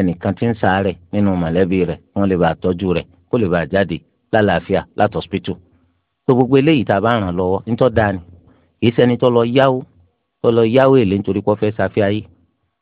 ẹnìkan tí ń ṣàárẹ̀ nínú mọ̀lẹ́bí rẹ̀ wọ́n lè bá tọ́jú rẹ̀ kó lè bá jáde lálàáfíà látọ̀sípítù tó gbogbo eléyìí tá a bá ràn lọ́wọ́ nítọ́ da ni kìí ṣẹni tó lọ yáwó tó lọ yáwó èlé nítorí pé ó fẹ́ sáfẹ́ ayé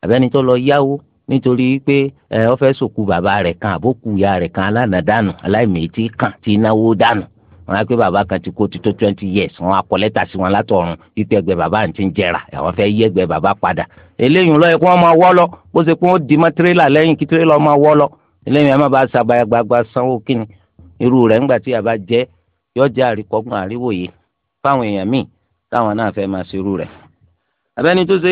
àbẹ́ni tó lọ yáwó nítorí pé ẹ ó fẹ́ sòkú bàbá rẹ̀ kan àbókù ìyá rẹ̀ kan alánàdánù aláìmẹ̀ẹ́tì kan tí náwó dànù wọn á pé bàbá kan ti kó ti tó twenty years wọn á kọ lẹ́tà sí wọn látọ̀run wípé ẹgbẹ́ bàbá àǹtí ń jẹrà àwọn fẹ́ yí ẹgbẹ́ bàbá padà eléyìí lọ́yẹ̀ kí wọ́n máa wọ́ lọ bó ṣe pé wọ́n di mọ́ tirẹ́là lẹ́yìn kí tirẹ́là máa wọ́ lọ eléyìí ẹ̀ má bàa ṣàbàyà gbagba sanwó kíni irú rẹ̀ ńgbà tí yàrá jẹ́ yọjà àríkọ́gbọ̀n àríwòye fáwọn èèyàn míì táwọn náà fẹ́ máa ṣerú rẹ̀ abẹ́ni tó ṣe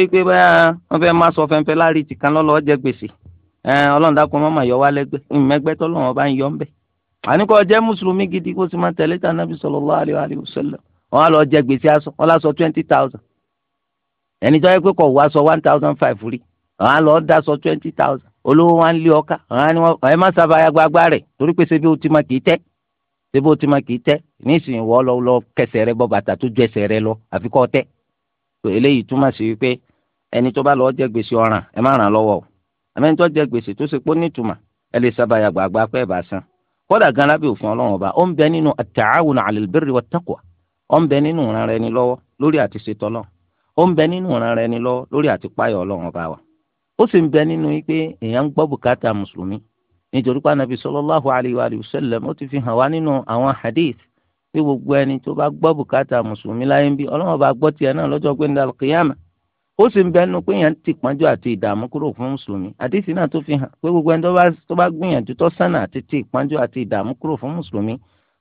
àníkọ́ jẹ́ mùsùlùmí gidi kó sì máa tẹ̀lé ta nàbì sallallahu alaihi wa sallam wọn á lọ jẹ gbèsè aṣọ wọn lọ sọ twenty thousand ẹni tó yẹ pé kọ̀ wá sọ one thousand five rí wọn á lọ dá sọ twenty thousand olówó wọn á lé ọkà wọn á má sábà ya gbagba rẹ̀ torí pé ṣe bí o ti máa kì í tẹ́ ṣe bí o ti máa kì í tẹ́ nísìnyí wọ́n lọ lọ kẹsẹ̀ rẹ bọ́ bàtà tó ju ẹsẹ̀ rẹ lọ àfi kọ́ tẹ́ tó eléyìí túmọ̀ sí wípé ẹni tó bá lọ jẹ gbèsè ọ̀ràn ẹ má ràn lọ́wọ́ o àmẹ́ni tó jẹ gbèsè tó ṣe pé ó nítumọ̀ ẹ lè sábà ya gbagba pẹ́ẹ́ bá san kódà gan lábẹ́ òfin ọlọ́run ọba ó ń bẹ nínú at-ta'awun 'ala al-birri wat-taqwa ó ń bẹ nínú ìran rẹ ni lọ́wọ́ lórí àti ṣetọ́ náà ó ń bẹ nínú ìran rẹ ni lọ́wọ́ lórí àti páyọ̀ ọlọ́run ọba wa ó sì ń bẹ nínú pé èèyàn ń gbọ́ bùkátà mùsùlùmí nítorí pé anabi sallallahu alayhi wa ó ti fi hàn wá nínú àwọn hadith pé gbogbo ẹni tó bá gbọ́ bùkátà mùsùlùmí láyé ń bí ọlọ́run ọba gbọ́ tiẹ̀ náà lọ́jọ́ gbẹ́ndàlùkìyàmà ó sì ń bẹnu pé yẹn ti pọ́njú àti ìdààmú kúrò fún mùsùlùmí àdìsí náà tó fi hàn pé gbogbo ẹni tó bá gbìyànjú tó sànà àti ti ìpọ́njú àti ìdààmú kúrò fún mùsùlùmí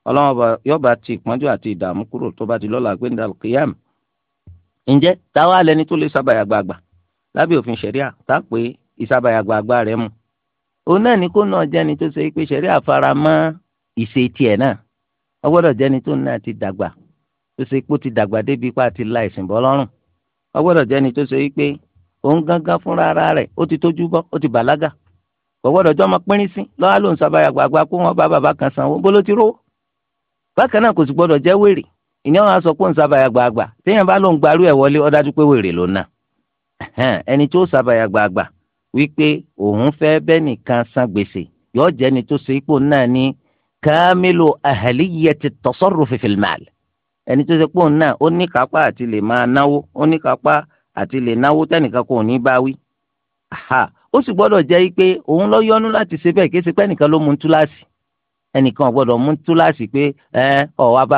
ọlọ́wọ́n yọba ti ìpọ́njú àti ìdààmú kúrò tó bá ti lọ́la gbẹ́ndà ǹjẹ́ táwa lẹni tó lè lábẹ́ òfin tá pé mu. òun náà ni kó náà tó ṣe pé fara mọ́ ìṣe tiẹ̀ náà ọgbọ́dọ̀ ti dàgbà tó ṣe pé ti dàgbà débi pa la wọ́n gbọ́dọ̀ jẹ́ ẹni tó ṣe wípé òun gángan fúnra ara rẹ̀ ó ti tójú bọ́ ó ti bàlágà kò gbọ́dọ̀ jọ́ ọmọ pínrín sí lọ́wọ́ ló ń sábàyà gbàgbà kó wọ́n bá bàbá kan sanwó bó ló ti rówó bákan náà kò sì gbọ́dọ̀ jẹ́ wèrè ìní àwọn aṣọ kó ń sábàyà gbàgbà téèyàn bá ló ń gbarú ẹ̀ wọlé ó dájú pé wèrè ló ná ẹni tó sábàyà gbàgbà wípé òun fẹ́ bẹ́ẹ̀ nìkan san gbèsè yóò jẹ́ ẹni tó ṣe ipò náà ní kámílò àhàlíyẹ ti tasarrufi fil mal ẹni tó ṣe pé òun náà ó ní kápá àti lè máa náwó ó ní kápá àti lè náwó tẹnìkan kò ní bá wí ó sì gbọ́dọ̀ jẹ́ pé òun lọ yọnu láti ṣe bẹ́ẹ̀ kí ṣe pé ẹnìkan ló mú túláàsì ẹnìkan gbọ́dọ̀ mú túláàsì pé ẹ ọ àgbà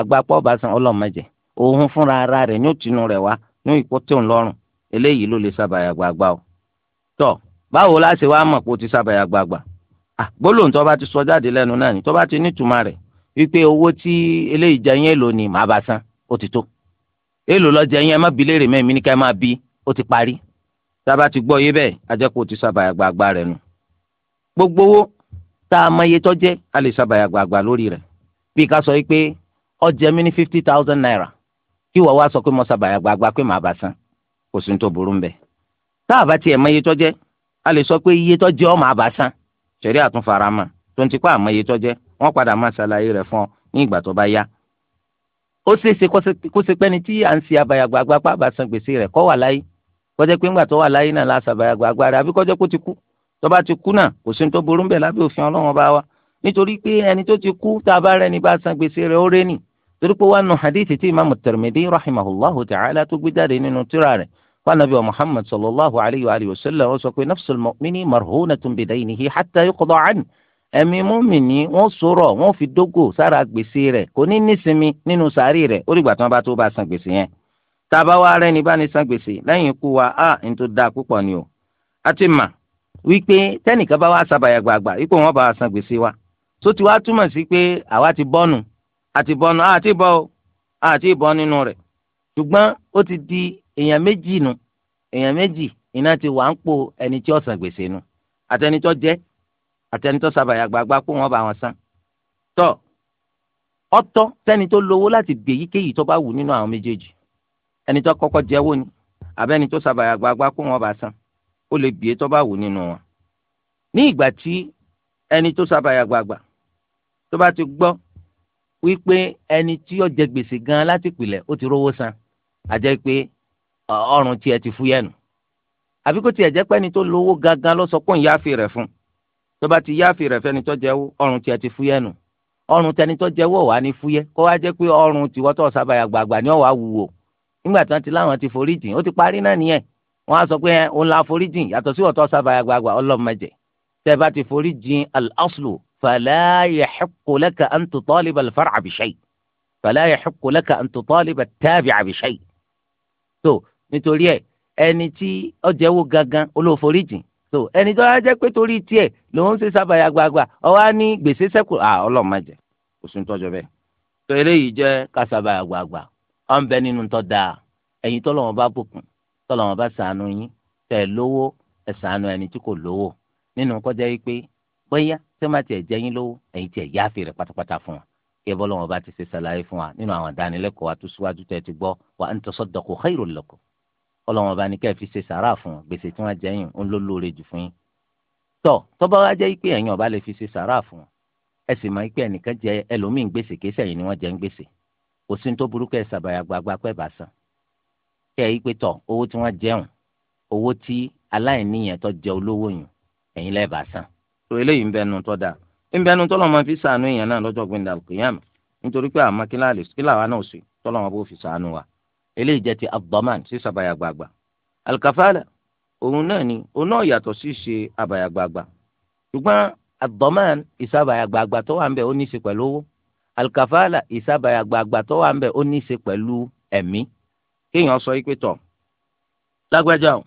àgbà pọ̀ bá san ọlọ́mọdé òun fúnra ara rẹ̀ ní òtínú rẹ̀ wá ní ìkó tó ń lọ́rùn eléyìí ló lè o. báwo wípé owó tí eléyìí jẹ yẹn lò ní màá bá san ó ti tó èlò lọ́jẹ yẹn má bi léèrè mẹ́rin mi ní ká máa bi ó ti parí sábà ti gbọ́ yé bẹ́ẹ̀ ajẹ́pọ̀ ti sábàyà gbàgbà rẹ̀ nù gbogbo owó tá a mọ iye tó a lè sábàyà gbàgbà lórí rẹ̀ bí ká sọ wípé ọjẹ́ mi ní fifty thousand naira kí wọ́n wá sọ pé mo sábàyà gbàgbà pé màá bá san kò sí ní tó burú mbẹ́ tá a bá tiẹ̀ mọ iye tó jẹ́ a lè sọ pé iye tó jẹ́ wọ́n padà máa ṣàlàyé rẹ̀ fún ọ ní ìgbà tó bá yá ó ṣeé ṣe kó ṣe pẹ́ni tí à ń ṣe àbàyàgbàgbà pàbà san gbèsè rẹ̀ kọ́ wà láyé kọjá pé ńgbà tó wà láyé náà láṣà àbàyàgbàgbà rẹ̀ àbí kọjá kó ti kú tó bá ti kú náà kò sí ní tó burú bẹ́ẹ̀ lábẹ́ òfin ọlọ́run bá wa nítorí pé ẹni tó ti kú tá a bá rẹ́ni bá san gbèsè rẹ̀ ó rẹ́ nì torí pé wàá nu hadithi tí imaamu Tirmidhi rahimahullahu ta'ala tó gbé jáde nínú tírà rẹ̀ fanabi wa ẹ̀mí múmìnì wọ́n sọ̀rọ̀ wọ́n fi dógò sára gbèsè rẹ̀ kò ní nísinmi nínú sàárì rẹ̀ ó dìgbà tí bá tó bá san gbèsè yẹn tá a bá wá rẹ́ni bá ní san gbèsè lẹ́yìn ikú wa a ń tó dáa púpọ̀ ni o a ti mà wípé tẹ́nìkan bá wá sàbàyà gbàgbà wípé wọ́n bá wa san gbèsè wa tó ti wá túmọ̀ sí pé àwa ti bọ́nu àti bọ́nu a ti bọ́ o a ti bọ́ nínú rẹ̀ ṣùgbọ́n ó ti di èèyàn méjì nu èèyàn méjì iná ti wà ń po ẹni tí ó gbèsè nu àtẹnitọ́ jẹ́ àtẹnitọ́ sábàyà gbàgbà kó wọn bá wọn san tọ́ ọ̀tọ̀ tẹ́ni tó lówó láti bè yíkéyìí tó bá wù nínú àwọn méjèèjì ẹni tó kọ́kọ́ jẹ́wọ́ ni àbẹ́ni tó sábàyà gbàgbà kó wọn bá san ó lè bìí tó bá wù nínú wọn ní ìgbà tí ẹni tó sábàyà gbàgbà tó bá ti gbọ́ wípé ẹni tí yóò jẹ gbèsè gan láti pìlẹ̀ ó ti rówó san àjẹ́ pé ọrùn tiẹ̀ ti fúyẹ́ nù àbí kó tiẹ̀ jẹ́ pẹ́ni tó lówó gangan ló sọ pé òun yááfì fún un tó bá ti yáàfin rẹ̀ fẹ́ni tó jẹ́wọ́ ọrùn tiẹ̀ ti fúyẹ́ nù ọrùn tẹni tó jẹ́wọ́ wà ní fúyẹ́ kó wá jẹ́ pé ọrùn tiwọ́ tó sábàyà gbàgbà ni ọ̀wà wúwo nígbà tí wọ́n ti láwọn ti foríjìn ó ti parí náà nìyẹn wọ́n á sọ pé òun la foríjìn yàtọ̀ sí ọ̀tọ̀ sábàyà gbàgbà ọlọ́mọdé tẹ́ bá ti foríjìn al-aslu fala yahiqqu laka fara bi shay fala yahiqqu laka an tutaliba tó nítorí ẹ ẹni tí ó gangan olóforíjìn so ẹni tó yà jẹ́ pé torí tiẹ̀ lòun ṣe sábàyà gbagba ọwọ́ á ní gbèsè sẹ́kù à ọlọ́mọdé òsùn tọ́jọ́ bẹ́ẹ̀ tó eléyìí jẹ́ ká sábàyà gbagba ọ̀ ń bẹ nínú tọ́ dáa ẹ̀yin tọ́lọ́wọ́n bá bùkún tọ́lọ́wọ́n bá sànù yín tẹ̀ lówó ẹ̀ sànù ẹni tí kò lówó nínú kọjá yìí pé bóyá tẹ́ má tiẹ̀ jẹ́ yín lówó ẹ̀yin tiẹ̀ yááfì rẹ̀ pátápátá fún wa kí ẹ bọ́lọ́wọ́n bá ti ṣe ṣàlàyé fún wa nínú àwọn ìdánilẹ́kọ̀ọ́ ọlọ́wọ́n bá ní kẹ́ ẹ fi ṣe sàrà fún gbèsè tí wọ́n jẹ́ yín ń ló lóore jù fún yín tọ́ tọ́ba wa jẹ́ pé ẹ̀yin ọba lè fi ṣe sàrà fún ẹ sì máa pé ẹnìkan jẹ ẹlòmíín gbèsè kí sẹ́yìn ni wọ́n jẹ́ ń gbèsè kò sí ní tó burúkú ẹ̀ sàbàyà gbagba pẹ́ bá san kẹ́ ẹ pé tọ́ owó tí wọ́n jẹun owó tí aláìníyàn tó jẹ olówó yùn ẹ̀yin lẹ́ẹ̀ bá san eléyìí ń bẹnu tọ́ da ń bẹnu tọ́lọ́ máa fi sàánú èèyàn náà lọ́jọ́ gbẹ̀ndàlùkìyàmù nítorí pé àmọ́ kíláà wa náà sè tọ́lọ́ wọn eléyìí jẹ́ ti abdoman sí sàbàyàgbàgbà alikafala òun náà ni òun náà yàtọ̀ sí ṣe àbàyàgbàgbà ṣùgbọ́n abdoman ìsàbàyàgbàgbà tó wà ń bẹ̀ ó ní í ṣe pẹ̀lú owó alikafala ìsàbàyàgbàgbà tó wà ń bẹ̀ ó ní í ṣe pẹ̀lú ẹ̀mí kéèyàn sọ yìí pé tọ̀ lágbájá o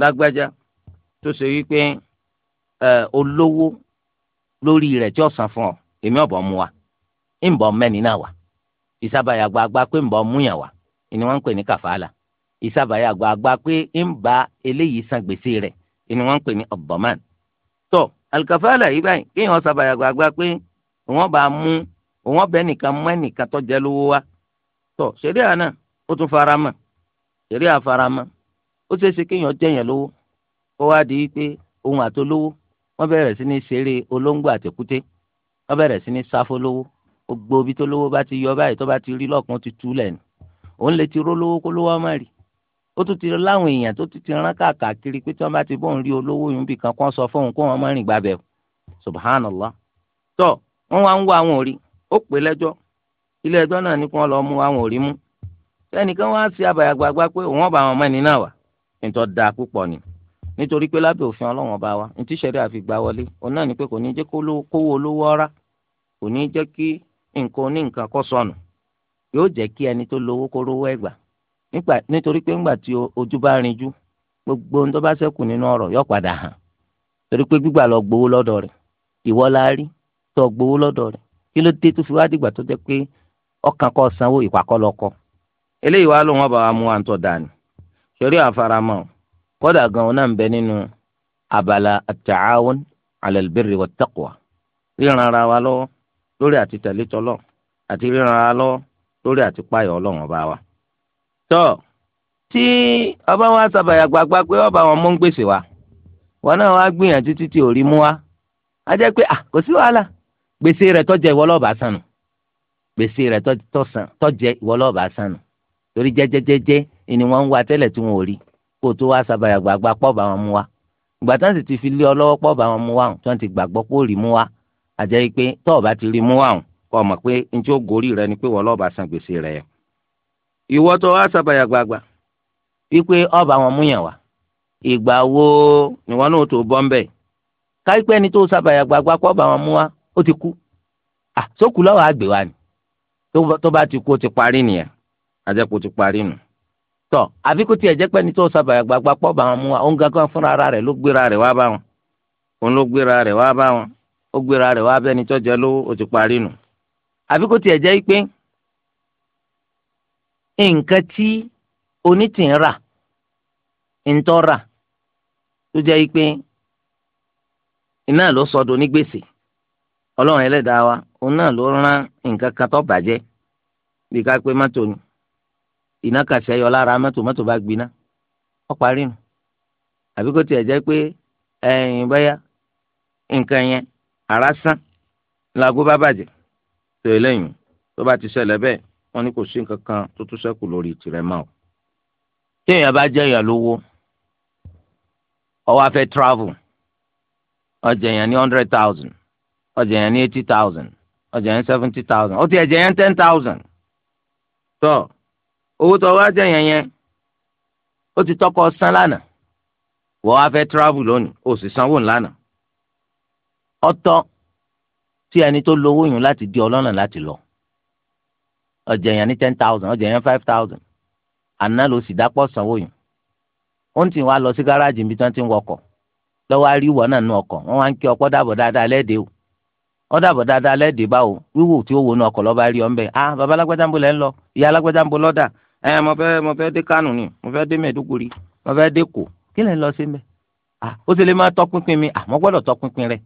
lágbájá tó ṣe wípé ẹ olówó lórí rẹ̀ tí ó san fún ọ èmi ọ̀bọ̀ mu wa ń bọ̀ mẹ́ni náà wà ìsàbàyàgbàgbà pé ń bọ̀ múyàn wà ni wọ́n ń pè ní kàfàlà ìsàbàyà àgbààgbà pé ń ba eléyìí san gbèsè rẹ̀ ni wọ́n ń pè ní ọ̀bọ̀mán. tó alikàfàlà yìí báyìí kéèyàn sàbàyà àgbààgbà pé wọ́n bá mú wọ́n bẹ́ nìkan mọ́ ẹnìkan tó jẹ́ lówó wa. tó ṣeré àná ó tún faramọ́ ṣeré àfaramọ́ ó ṣeé ṣe kéèyàn jẹ̀yàn lówó kó wá di pé ohun àtolówó wọ́n bẹ̀rẹ̀ sí ní ṣeré olóńgbò àtẹ̀kúté wọ́n bẹ̀rẹ̀ sí ní sáfó lówó gbogbo ibi tó lówó bá ti yọ báyìí tó bá ti rí lọ́kàn ti tú lẹ́nu òun lè ti rólówó kó lówó má rí ó tún ti láwọn èèyàn tó ti ti rán káàkiri pé tí wọ́n bá ti bóun rí olówó yìí bì kan kó sọ fóun kó wọn má rìn gbàbẹ subhanallah tó wọn wá ń wá àwọn òrí ó pè lẹ́jọ́ ilé ẹjọ́ náà ní kí wọ́n lọ mú àwọn òrí mú ẹnìkan wá sí abàyàgbàgbà pé òun ọba àwọn ọmọ ẹni náà wà nítọ́ da púpọ̀ ni nítorí pé lábẹ́ òfin ọlọ́run ọba wa ní tíṣẹ̀rí àfi gbà wọlé òun náà ní pé kò ní jẹ́ kówó olówó ọ̀rá kò ní jẹ́ kí nǹkan oníǹkan kọ́ sọnù yóò jẹ́ kí ẹni tó lówó kó rówó ẹ̀gbà nítorí pé ńgbà tí ojú bá gbogbo ohun tó bá ṣẹ́kù nínú ọ̀rọ̀ yóò padà hàn torí pé gbígbà lọ gbowó lọ́dọ̀ rẹ̀ ìwọ la rí tó gbowó lọ́dọ̀ rẹ̀ kí ló dé tó fi dìgbà tó jẹ́ pé ọkàn sanwó ìpàkọ́ lọ́kọ́ eléyìí wàá wa mú wa ń sori àfaramọ́ kódà gan abala 'ala ríran ara wa lọ́wọ́ lórí àti tẹ̀lé tọ́lọ̀ lórí àti páyọ̀ ọlọ́run ọba wa. tọ́ tí ọba wa sábàyà gbàgbà pé ọba wọn mú ń gbèsè wa wọn náà wá gbìyànjú títí òrí mú wa á jẹ́ pé kò sí wàhálà gbèsè rẹ̀ tọ́jẹ́ ìwọ lọ́ọ̀bà sànù gbèsè rẹ̀ tọ́jẹ́ ìwọ lọ́ọ̀bà sànù torí jẹ́jẹ́jẹ́jẹ́ ni wọ́n ń wá tẹ́lẹ̀ tí wọn ò rí kó tó wá sábàyà gbàgbà pọ̀ bá wọn mú wa ìgbà tí wọ́n sì ti fi lé ọ lọ́wọ́ pọ̀ bá wọn mú wa tí wọ́n ti gbàgbọ́ pé ó rí mú wa àjẹ́ pé tọ́ọ̀ bá ti rí mú wa kọ́ pe pé njẹ́ ó gorí rẹ ni pé wọ́n lọ́ọ́ san gbèsè rẹ ọba wọn mú yàn wá ìgbà wo ni wọn náà tó bọ́ ńbẹ̀ káyipẹ́ ọba wọn mú ó ti kú à sókù lọ́wọ́ wa ni tó bá ti kú ó ti parí nìyẹn àjẹpọ̀ ti parí tọ àfi kó tiẹ̀ jẹ́ pé ẹni tó sábàyà gbàgbà pọ̀ wọn mú wa ara ló gbéra wá bá wọn òun ló gbéra wá bá ti parí nù. àbí kó tiẹ̀ jẹ́ pé nǹkan tí onítìń rà ń rà tó jẹ́ pé iná ló sọdọ̀ ní gbèsè ọlọ́run ẹlẹ́dàá wa òun náà ló rán nǹkan kan tó bàjẹ́ bí ká pé mọ́tò ni iná kàṣẹ́ yọ lára mọ́tò mọ́tò bá gbiná ó parí nù àbí kó tiẹ̀ jẹ́ pé ẹ̀yìn bẹ́yà nǹkan yẹn àrá sán làgó bá bàjẹ́ tó eléyìí tó bá ti ṣẹlẹ̀ bẹ́ẹ̀ wọ́n ní kò sí nǹkan kan tó tún ṣẹ́kù lórí tìrẹ mọ́ tí èèyàn bá jẹ́ èèyàn lówó ó wá travel ó èèyàn ní hundred thousand ó èèyàn ní eighty thousand ó èèyàn seventy thousand ó ti jẹ èèyàn ten thousand tó owó tó wá jẹ èèyàn yẹn ó ti tọ́kọ san lánàá wọ́n wá travel lónìí ó sì sanwó ńlánàá ọ̀tọ̀ tí ẹni tó lówó yùn láti di ọlọ́nà láti lọ ọjà yẹn ní ten thousand ọjà yẹn five thousand àná ló sì dápọ̀ sanwó yùn ó ń tì wá lọ sí gáràjì níbi tí wọ́n ti ń wọkọ̀ lọ́wọ́ arí ìwọ náà nu ọkọ̀ wọ́n wá ń kí ọkọ̀ dàbọ̀ dáadáa lẹ́ẹ̀dẹ́ o wọ́n dàbọ̀ dáadáa lẹ́ẹ̀dẹ́ báwo wíwò tí ó wo nu ọkọ̀ lọ́ba rí ọ ń bẹ̀ ah baba alágbádá ń bo lẹ́ ń lọ ìyá alágbádá ń bo lọ́dà ẹ mo fẹ́ mo fẹ́ dé Kánò ni mo fẹ́ dé Mẹ̀dúgùrí mo fẹ́ dé Kò kí lẹ́ ń lọ sí ń ah ó sì lè máa tọpinpin mi ah mo gbọ́dọ̀ tọpinpin rẹ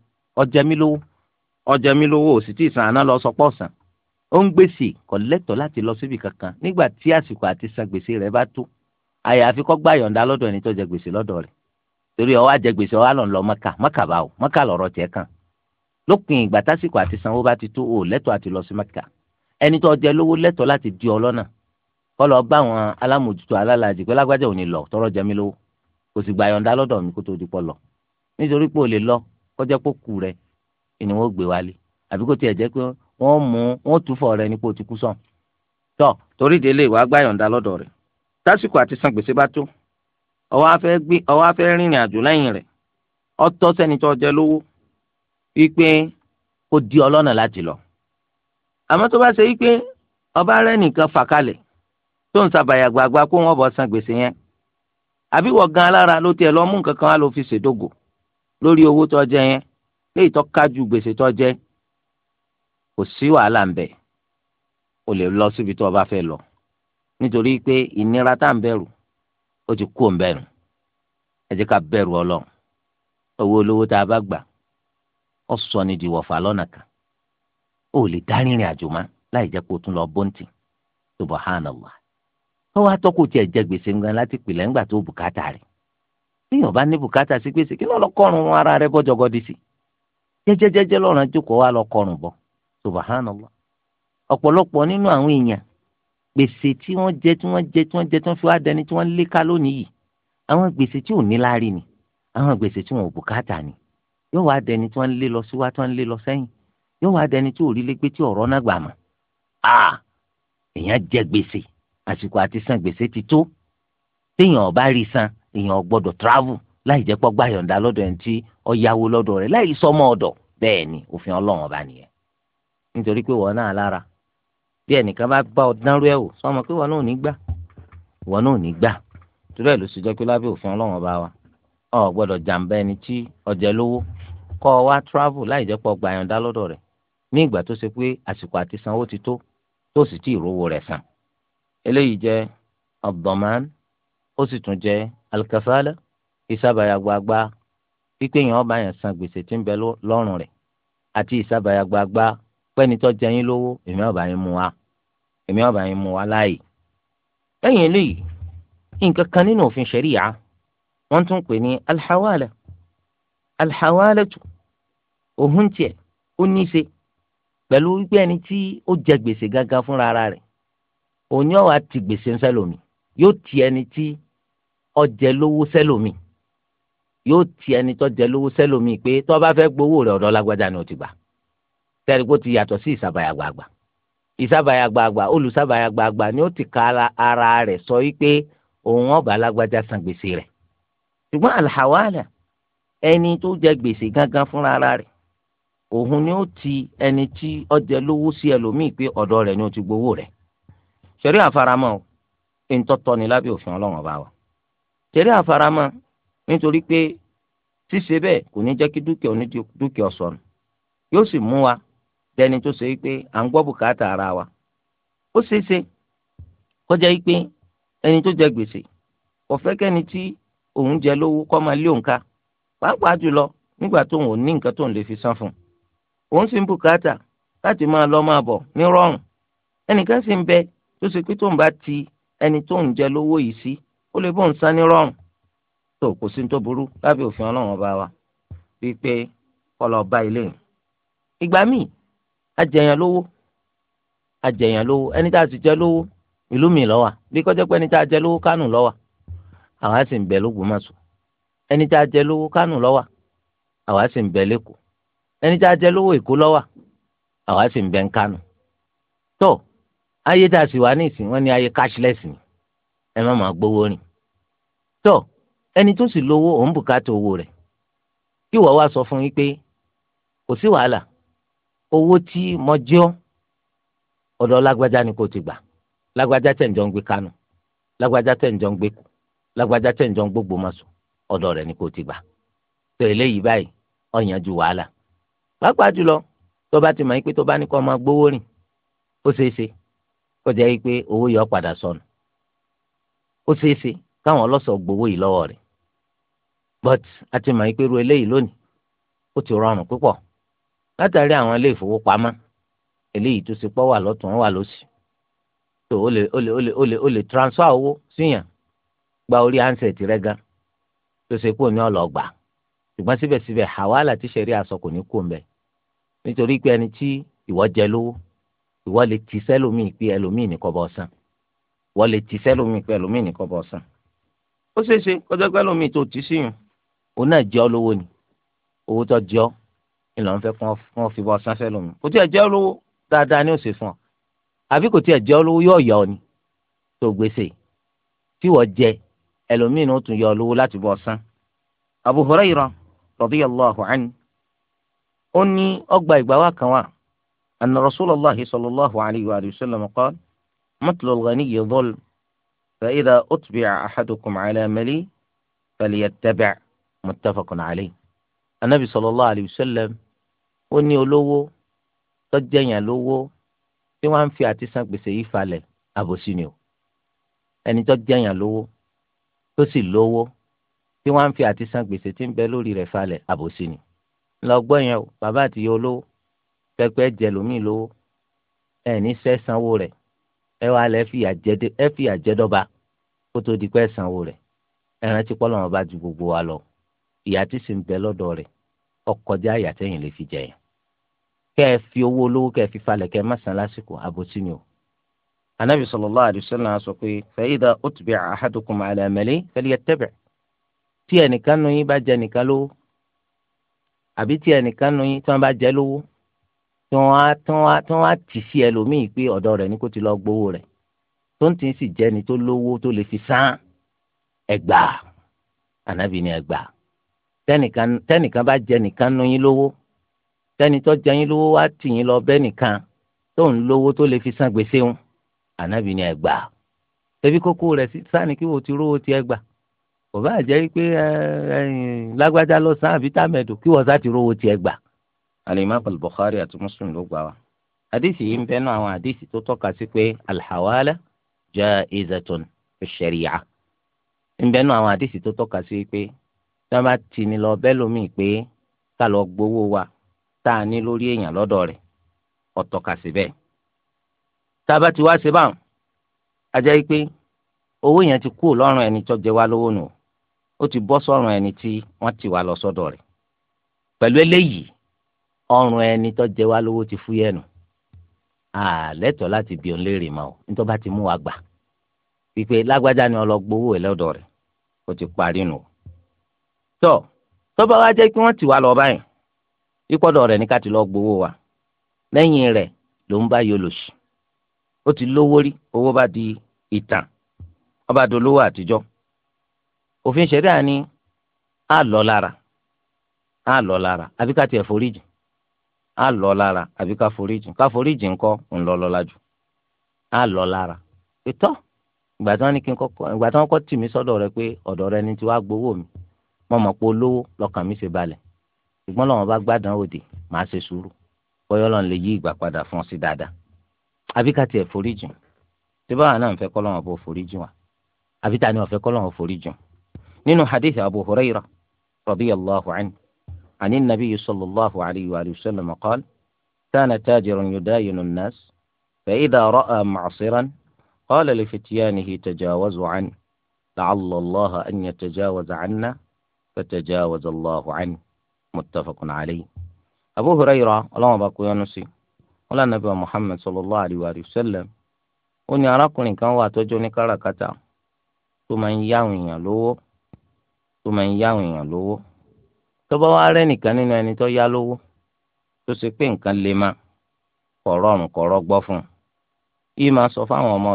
ọjẹ́ mi lówó ọjà mi lówó òsì tí ìsàn àná lọ sọpọ̀ sàn ó ń gbèsè kò lẹ́tọ̀ọ́ láti lọ síbi kankan nígbà tí àsìkò àti san gbèsè rẹ̀ bá tó àyàfi kó gba yọ̀ǹda lọ́dọ̀ ẹni tó jẹ gbèsè lọ́dọ̀ rẹ̀ torí ó wá jẹ gbèsè ó wá lọ lọ mọ́kà mọ́kà báwo mọ́kà lọ̀rọ̀ tiẹ̀ kàn lópin ìgbà tásìkò àti sanwó bá ti tó o lẹ́tọ̀ọ́ àti lọ sí mọ́kà ẹni tó jẹ lówó lẹ́tọ̀ọ́ láti di ọlọ́nà kó lọ bá àwọn alámòjútó alálàájì pé lágbájá ò lọ tọrọ jẹ mí lówó kò sì gba yọ̀ǹda lọ́dọ̀ mi kó tó di pọ̀ lọ nítorí pé ò lè lọ kọjá pé kù rẹ̀ ni wọ́n gbé wálé àbí kò tiẹ̀ jẹ́ pé wọ́n mú wọ́n túfọ̀ rẹ nípò tí kú sàn. tọ́ torí délé ìwà gbàyọ̀ǹda lọ́dọ̀ rẹ̀ tásìkò àti san gbèsè bá tó ọwọ́ afẹ́ rìnrìn àjò lẹ́yìn rẹ̀ ọtọ́ sẹ́ni tó jẹ lówó wípé ó di ọlọ́nà láti lọ. àmọ́ tó bá ṣe wípé ọba rẹ nìkan fàkalẹ̀ tó ń sàbàyàgbàgbà kó wọ́n bọ̀ san gbèsè yẹn àbí wọ̀ gan alára ló tiẹ̀ lọ nǹkan kan á lọ fi ṣèdógò lórí owó tó jẹ yẹn léyìí tó kájú gbèsè tó jẹ kò sí wàhálà ń bẹ o lè lọ síbi tó o bá fẹ́ lọ nítorí pé ìnira tá à ń bẹ̀rù ó ti kú òun bẹ̀rù ẹ jẹ́ ká bẹ̀rù Ọlọ́run owó olówó tá a bá gbà ó sọ ni di wọ̀fà lọ́nà kan ó lè dá àjò má láì jẹ́ kó o tún lọ bóńtì subhanallah ó wá tọ́kù tiẹ̀ jẹ gbèsè ńgan láti pìlẹ̀ ńgbà tó bùkátà rẹ̀ bí yóò bá ní bùkátà sí gbèsè kí lọ́ọ́ lọ́kọ́rùn-ún ara rẹ̀ bọ́jọ́gọ́dì sí i jẹ́jẹ́jẹ́jẹ́ lọ́ràn jókòó wá lọ kọrùn bọ̀ subahánàlá ọ̀pọ̀lọpọ̀ nínú àwọn èèyàn gbèsè tí wọ́n jẹ tí wọ́n jẹ tí wọ́n jẹ tí wọ́n fi wá dẹni tí wọ́n lé ká lónìí yìí àwọn gbèsè tí ò níláárí ni àwọn gbèsè tí wọn ò bùkátà ni yóò wá dẹni tí wọ́n lé lọ síwá tí wọ́n lé lọ sẹ́yìn yóò wá dẹni tí ò rí lẹ́gbẹ́ tí ọ̀rọ̀ náà gbà mọ́ a èèyàn jẹ gbèsè àsìkò àti san gbèsè ti tó téèyàn ò bá rí san èèyàn ò travel láì jẹ́ pọ́ gbàyọ̀ǹda lọ́dọ̀ ẹni tí ọ yáwó lọ́dọ̀ rẹ̀ láì sọmọ ọ̀dọ̀ bẹ́ẹ̀ ni òfin ọlọ́run ọba nìyẹn nítorí pé wọ́n náà lára bí ẹnìkan bá bá ọ dánrú ẹ̀ wò sọmọ pé wọ́n náà ò ní gbà wọ́n náà ní gbà torí ẹ̀ ló sì jẹ́ pé lábẹ́ òfin ọlọ́run ọba wa ọ gbọ́dọ̀ jàǹbá ẹni tí ọjẹ́ lówó kọ́ ọ wá travel láì jẹ́ pọ́ gbàyọ̀ǹda lọ́dọ̀ rẹ̀ ní ìgbà tó ṣe pé àsìkò àti sanwó ti tó tó sì tí ìrówó rẹ̀ san eléyìí jẹ́ ad ó sì tún jẹ́ al ìsàbàyàgbàgbà pípé yẹn ọba yẹn san gbèsè tí ń bẹ lọ́rùn rẹ̀ àti ìsàbàyàgbàgbà pẹ́ni tó jẹ yín lówó èmi ọba yín mú wa èmi ọba yín mú wa láàyè. lẹ́yìn eléyìí nǹkan kan nínú òfin ṣẹ̀ríyà wọ́n tún pè ní alhawala alhawala tù òhun tiẹ̀ ó ní í ṣe pẹ̀lú wípé ẹni tí ó jẹ gbèsè gángan fúnra ara rẹ̀ òun yóò wá ti gbèsè ń sẹ́lòmí yóò ti ẹni tí ó jẹ lówó sẹ́lòmí yóò ti ẹni tó jẹ lówó sẹlómi pé tó bá fẹ́ gbowó rẹ̀ ọ̀dọ̀ lágbájá ni ó ti gbà tẹ́lẹ̀ kó ti yàtọ̀ sí ìsàbàyàgbàgbà ìsàbàyàgbàgbà olùsàbàyàgbàgbà ni ó ti ka ara rẹ̀ sọ wípé òun ọba lágbájá san gbèsè rẹ̀ ṣùgbọ́n alhawala ẹni tó jẹ gbèsè gangan fúnra ara rẹ̀ òun ni ó ti ẹni tí ó jẹ lówó sí ẹlòmíì pé ọ̀dọ̀ rẹ̀ ni ó ti gbowó rẹ̀ ṣẹ̀rí àfaramọ́ ń tọ́tọ́ ni lábẹ́ òfin ọlọ́run ọba wa ṣẹ̀rí àfaramọ́ nítorí pé ṣíṣe bẹ́ẹ̀ kò ní jẹ́ kí dúkìá onídúkìá sọnù yóò sì mú wa dẹni tó ṣe pé à ń gbọ́ bùkátà ara wa ó ṣeéṣe kó jẹ́ pé ẹni tó jẹ gbèsè kò fẹ́ kẹ́ni tí òun jẹ lówó kó máa lé òun ká pàápàá jùlọ nígbà tó òun ò ní nǹkan tó ń lè fi san fún un òun sì ń bùkátà láti máa lọ máa bọ̀ ní rọrùn ẹnìkan sì ń bẹ tó ṣe pé tóun bá ti ẹni tó jẹ lówó yìí sí ó lè bóun san ní rọrùn tó kò sí tó burú lábẹ́ òfin ọlọ́run ọba wa wípé kọlọ ọba ilé yìí ìgbà míì ajẹyàn lówó ajẹyàn lówó ẹni tá a ti jẹ lówó ìlú mi ló wà bí kọjá pé ẹni tá a jẹ lówó kánù ló wà àwa sì ń bẹ lÓgbómọ̀ṣọ́ ẹni tá a jẹ lówó kánù ló àwa sì ń bẹ lÉkòó ẹni tá a jẹ lówó èkó ló àwa sì ń bẹ ń kánù tó ayé tá a sì wà ní ìsìn wọn ni ayé cashless ni ẹ má máa gbowó rìn tó. So, ẹni tó sì lówó òun bùkátà owó rẹ̀ kí wọ́n wá sọ fún yín pé kò sí wàhálà owó tí mo jẹ́ ọ́ ọ̀dọ̀ lágbájá ni kò ti gbà lágbájá tẹ̀ ń jọ ń gbé kánò lágbájá tẹ̀ ń jọ ń gbé kù lágbájá tẹ̀ ń jọ gbógbó ma ọ̀dọ̀ rẹ̀ ni kò ti gbà tó eléyìí báyìí ọ̀yàn ju wàhálà pàápàá jùlọ tó bá ti mọ̀ pé tó bá ní kó máa gbówó rìn ó ṣeé kó jẹ́ pé owó yọ padà sọnù ó ṣeé káwọn ọlọ́sọ̀ gbowó yìí lọ́wọ́ rẹ̀ but a ti mọ̀ pé eléyìí lónìí ó ti rọrùn púpọ̀ látàrí àwọn ilé ìfowópamọ́ eléyìí tó ṣe pọ̀ wà lọ́tún wà lọ́sì tó o lè o lè o lè o lè o lè transfer owó síyàn gba orí handset rẹ gan tó ṣe kó ní ọlọ́gbà ṣùgbọ́n síbẹ̀síbẹ̀ hawala ti ṣẹ̀rí aṣọ kò ní kó ń bẹ̀ nítorí pé ẹni tí ìwọ jẹ lówó ìwọ lè ti sẹ́lòmíì pé ẹlòmíì ní kó bọ́ san lè ti sẹ́lòmíì pé ẹlòmíì ní kó bọ́ ó ṣeéṣe kọjá pé tó ti síyàn òun náà jẹ́ olówó ni owó tó jẹ́ ìlànà fẹ́ kí wọ́n fi bọ́ sánsẹ́ lómi kò tí ẹ̀ jẹ́ olówó dáadáa ni ó ṣe fún ọ àbí kò tí ẹ̀ jẹ́ olówó yóò yọ ọ ni tó gbèsè tí wọ́n jẹ ẹlòmíín ó tún yọ olówó láti bọ́ sán. Abu Hurairah radiyallahu anhu ó ní ọgbà ìgbà wa kan wà anna Rasulullah sallallahu alayhi wa sallam qala matlul ghaniyyi dhulm fa idha utbi'a ahadukum muttafaqun alayhi anabi sallallahu alayhi wa sallam ó ní olówó tọ́jẹ̀yàn lówó tí wọ́n á fi àti san gbèsè yìí falẹ̀ àbòsí ni o ẹni tọ́jẹ̀yàn lówó tó sì lówó tí wọ́n á fi àti san gbèsè tí ń bẹ lórí rẹ̀ falẹ̀ àbòsí ni lọ́gbọ́ yẹn o bàbá àti ìyá olówó pẹpẹ jẹ lómi lówó ẹ ní sẹ́ sanwó rẹ̀ ẹ wá lẹ́ fìyà jẹ dọ́ba kó tó di pẹ́ sanwó rẹ̀ ẹ̀rántí pọ́lọ́mọba ju gbogbo wa lọ ìyá tí sì ń bẹ lọ́dọ̀ rẹ̀ ọkọjá ìyá tẹ̀yìn lè fi jẹ yẹn kẹ́ ẹ fi owó olówó kẹ́ ẹ fi falẹ̀ kẹ́ ẹ má san lásìkò àbòsí ni o. anabi sallallahu alaihi wasallam sọ pé fa idha utbi'a ahadukum ala amali falyattabi' tí ẹnìkan nu yín bá jẹ nìkan lówó àbí tí ẹnìkan nu yín tí wọ́n bá jẹ lówó tí wọ́n á tì sí ẹlòmíì pé ọ̀dọ̀ rẹ̀ ni kó ti lọ gbowó rẹ̀ tó ń tì í sì jẹ́ni tó lówó tó lè fi san ẹgbàá anabi ni ẹgbàá tẹnìkan tẹnìkan bá jẹ nìkan nú yín lówó tẹni tó jẹ yín lówó wá tì yín lọ bẹ́ nìkan tó ń lówó tó lè fi san gbèsè ń ànábì ni ẹ gbà ṣebí kókó rẹ̀ sani kí wo ti rówó ti ẹ gbà kò bá jẹ́ pé lágbájá lọ san àbí tàmẹ̀dù kí wọ́n sá ti rówó ti ẹ gbà. alimami al-Bukhari àti Muslim ló gbà wá hadisi yìí ń bẹnu àwọn hadisi tó tọ́ka sí pé alhawala jaizatun fi sharia ń bẹnu àwọn hadisi tó tọ́ka sí pé tí wọ́n bá tì ní lọ bẹ́ẹ̀ lómi pé ká lọ gbowó wa tá a ní lórí èèyàn lọ́dọ̀ rẹ̀ ọ̀tọ̀ kà sí bẹ́ẹ̀. tá a bá ti wá ṣe báwọn a jẹ́ pé owó yẹn ti kú lọ́rùn ẹni tó jẹ wá lówó nù ó ti bọ́ sọ́rùn ẹni tí wọ́n ti wá lọ sọ́dọ̀ rẹ̀ pẹ̀lú eléyìí ọrùn ẹni tó jẹ wá lówó ti fúyẹ́ nù àlẹ́tọ̀ láti bí òun mọ́ ọ nítorí bá ti mú wa gbà wípé lágbájá ni ọlọ́gbowó ẹ̀ rẹ̀ ó ti parí nù tọ́ tọ́ba wa jẹ́ pé wọ́n ti wá lọ báyìí ìpọ́dọ̀ rẹ̀ ní ká ti lọ gbowó wa lẹ́yìn rẹ̀ ló ń bá yolòṣì ó ti lówó rí owó bá di ìtàn ọba dolówó àtijọ́ òfin ṣẹ̀ríà ni á lọ lára á lọ lára àbí ká tiẹ̀ foríjì á lọ lára àbí ká foríjì ká foríjì ńkọ́ ńlọlọ́lá jù á lọ lára ìtọ́ ìgbà tí wọ́n ní kí n kọ́kọ́ ìgbà tí wọ́n kọ́ tì mí sọ́dọ̀ rẹ pé ọ̀dọ̀ rẹ ni ti wá gbowó mi mo mọ̀ pé olówó lọ́kàn mi ṣe balẹ̀ ṣùgbọ́n lọwọ bá gbádùn òde màá ṣe sùúrù bọyọ ọlọ́run lè yí ìgbà padà fún ọ sí dáadáa àbí ká tiẹ̀ foríjì tí báwa náà ń fẹ́ kọ́lọ́wọ́n bó forí foríjì wa àbí ta ni wọn fẹ́ forí foríjì nínú hadith abu huraira radiyallahu anhu عن النبي صلى الله عليه وآله وسلم قال كان تاجر يداين الناس فإذا رأى معصرا قال لفتيانه تجاوزوا عنه لعل allah أن يتجاوز عنا فتجاوز الله عنه متفق عليه أبو هريرة اللهم بارك يا نسي ولا نبي محمد صلى الله عليه وآله وسلم ó ní sallam. kan wà tọ́jú ní káràkátà tó máa ń yá àwọn èèyàn lówó tó máa ń yá àwọn èèyàn lówó tó bá nìkan nínú ẹni tó yá lówó tó ṣe pé nǹkan lè má fún un yìí máa sọ fáwọn ọmọ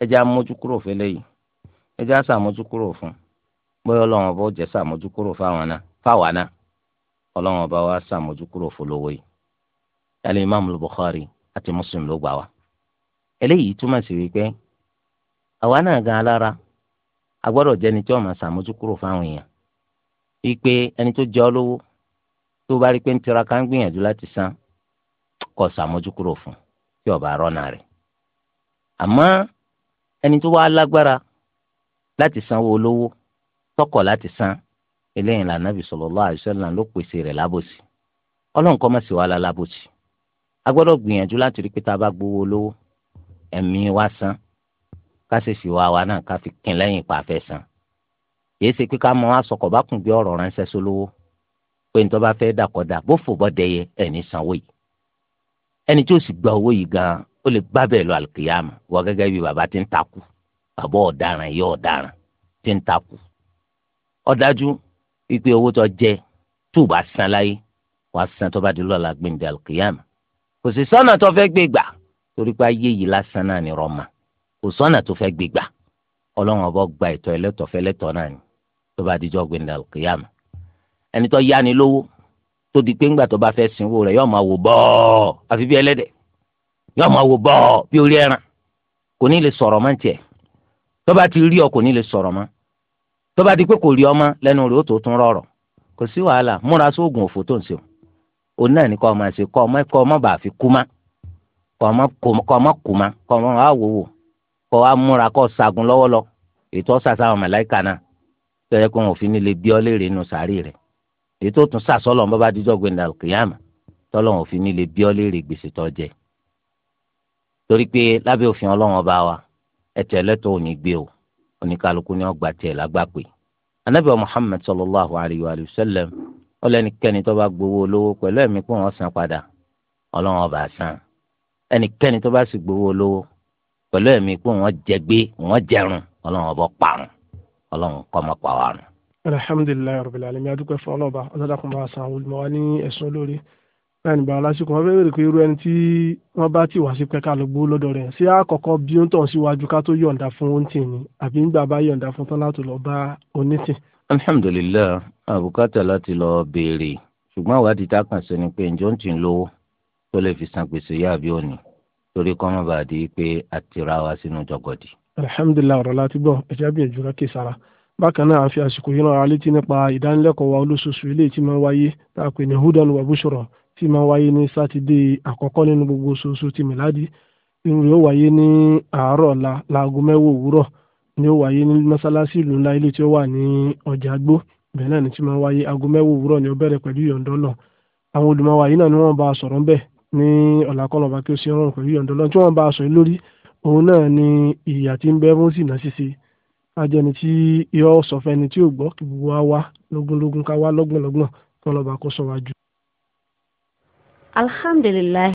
ẹ amójúkúrò yìí ẹ bóyá ọlọ́run ọba ó jẹ́ sàmójúkúrò fáwọn náà fáwa náà ọlọ́run ọba wa sàmójúkúrò fọlọ́wọ́ yìí yálẹ̀ imam Bukhari àti Muslim ló gbà wá. eléyìí túmọ̀ sí wípé àwa náà gan alára a gbọ́dọ̀ jẹ́ni tí ó máa sàmójúkúrò fáwọn èèyàn wípé ẹni tó jẹ́ ọ lówó tó bá rí pé ń tiraka ń gbìyànjú láti san kó sàmójúkúrò fún kí ó rọ́nà rẹ̀ àmọ́ ẹni tó wá lágbára láti sanwó olówó tọkọ̀ láti san eléyìí là nàbì sallallahu alaihi wasallam ló pèsè rẹ̀ lábòsí ọlọ́run kọ́ mọ̀ sí wàhálà lábòsí a gbọ́dọ̀ gbìyànjú láti rí pé a bá gbowó olówó ẹ̀mí wa san ká sì sì wá wa náà ká fi kín lẹ́yìn ìpàfẹ́ san yìí ṣe pé ká mọ asọ̀kọ̀ bá kùn gbé ọ̀rọ̀ ránṣẹ́ sólówó pé nítorí bá fẹ́ dàkọ̀dà bó fò bọ́ dẹyẹ ẹni sanwó yìí ẹni tí ó sì gba owó yìí gan ó lè bá bẹ́ẹ̀ lọ àlùkìyàmù wọ gẹ́gẹ́ bí bàbá tí ń takú bàbá ọ̀daràn yìí ọ̀daràn tí ń takú ọdájú ìpè owó tó jẹ tó bá san láyé wàá san tó bá di lọ́la gbẹ̀ǹdẹ̀ alkiyama kò sí sọ́nà tó fẹ́ gbé gbà torí pé ayé yìí lásán náà ni rọ́mà kò sọ́nà tó fẹ́ gbé gbà ọlọ́run ọbọ̀ gba ìtọ́ ẹlẹ́tọ̀ fẹ́lẹ́tọ̀ náà ni tó bá jọ gbẹ̀ǹdẹ̀ alkiyama ẹni tó yá ni lówó tó di pé ńgbà tó bá di pé kò rí ọmọ lẹ́nu rẹ̀ ó tó tún rọ̀rọ̀ kò sí wàhálà múra sóògùn òfò tó ń ṣe o náà ní kọ́ ọmọ ṣe kọ́ ọmọ kọ́ ọmọ bàá fi kú má kọ́ ọmọ kú má kọ́ ọmọ wà wò wò kọ́ wa múra kọ́ ṣagun lọ́wọ́ lọ ètò ọ̀sàsà àwọn màláìka náà tó yẹ kó wọn òfin lè bí ọ léèrè nù sàárì rẹ̀ ètò tún sàsọ́lọ̀ bá bá díjọ́ gbẹ̀ndà kìyàmù tọ́lọ̀ òfin lè bí ọ léèrè gbèsè tó jẹ torí pé lábẹ́ òfin ọlọ́wọ́n bá wa ẹ̀tọ́ ẹlẹ́tọ́ ò oníkálukú ni ọgbà tiẹ̀ lágbàpè anabi muhammed sallallahu alayhi wa sallam ọlẹ́nikẹ́ni tó bá gbowó olówó pẹ̀lú ẹ̀mí pé wọ́n san padà ọlọ́run ọba san ẹnikẹ́ni tó bá sì gbowó olówó pẹ̀lú ẹ̀mí pé wọ́n jẹgbé wọ́n jẹrun ọlọ́run ọba parun ọlọ́run kọ́ mọ́ pa wa run. alhamdulilayi rabbil alamin adúpẹ́ fún ọlọ́ba ọ̀dọ́dàkùnrin àṣà àwọn olùmọ̀wá ní ẹ̀sùn olórí ẹnì bàrà lásìkò wọn fẹ́ bèrè pé irú ẹni tí wọ́n bá tì wá sí pẹ́ ká ló gbó lọ́dọ̀ rẹ̀ ṣé àkọ́kọ́ bí ó ń tàn síwájú ká tó yọ̀ǹda fún oúntì ni àbí ńgbà bá yọ̀ǹda fún tán láti lọ bá onítì. alhamdulilayi abukata láti lọ béèrè ṣùgbọ́n àwádìí tá a kàn sí ni pé ǹjọ́ ń tì ń lówó tó lè fi san gbèsè yá àbí òní torí kọ́ mọ́ bàdí pé a ti ra wa sínú jọgọdì. alhamdulilayi ọ̀rọ̀ láti gbọ́ ẹ̀jẹ̀ bí ìjọra kì í sara bákan náà àfi àsìkò yìí náà alétí nípa ìdánilẹ́kọ̀ọ́ wa olóṣooṣù eléyìí tí tí máa wáyé ní sátidé àkọ́kọ́ nínú gbogbo oṣooṣù ti mìládì irun rẹ̀ ó wáyé ní àárọ̀ ọ̀la láago mẹ́wàá òwúrọ̀ ni ó wáyé ní mọ́sálásí ìlú ńlá ilé tí ó wà ní ọjà gbó bẹ́ẹ̀ náà ni tí máa wáyé aago mẹ́wàá òwúrọ̀ ni ó bẹ̀rẹ̀ pẹ̀lú yọ̀ǹdọ́lọ̀ àwọn olùmọ̀wá náà ni wọ́n bá a sọ̀rọ̀ ńbẹ̀ ní ọ̀làkọ́lọ̀ba kí ó pẹ̀lú yọ̀ǹdọ́lọ̀ tí wọ́n bá a sọ ni ìyà tí ń bẹ fún sìnà ṣíṣe ajẹni tí yọ sọfẹ́ni tí ò gbọ́ kí gbogbo wa wá lógúnlógún الحمد لله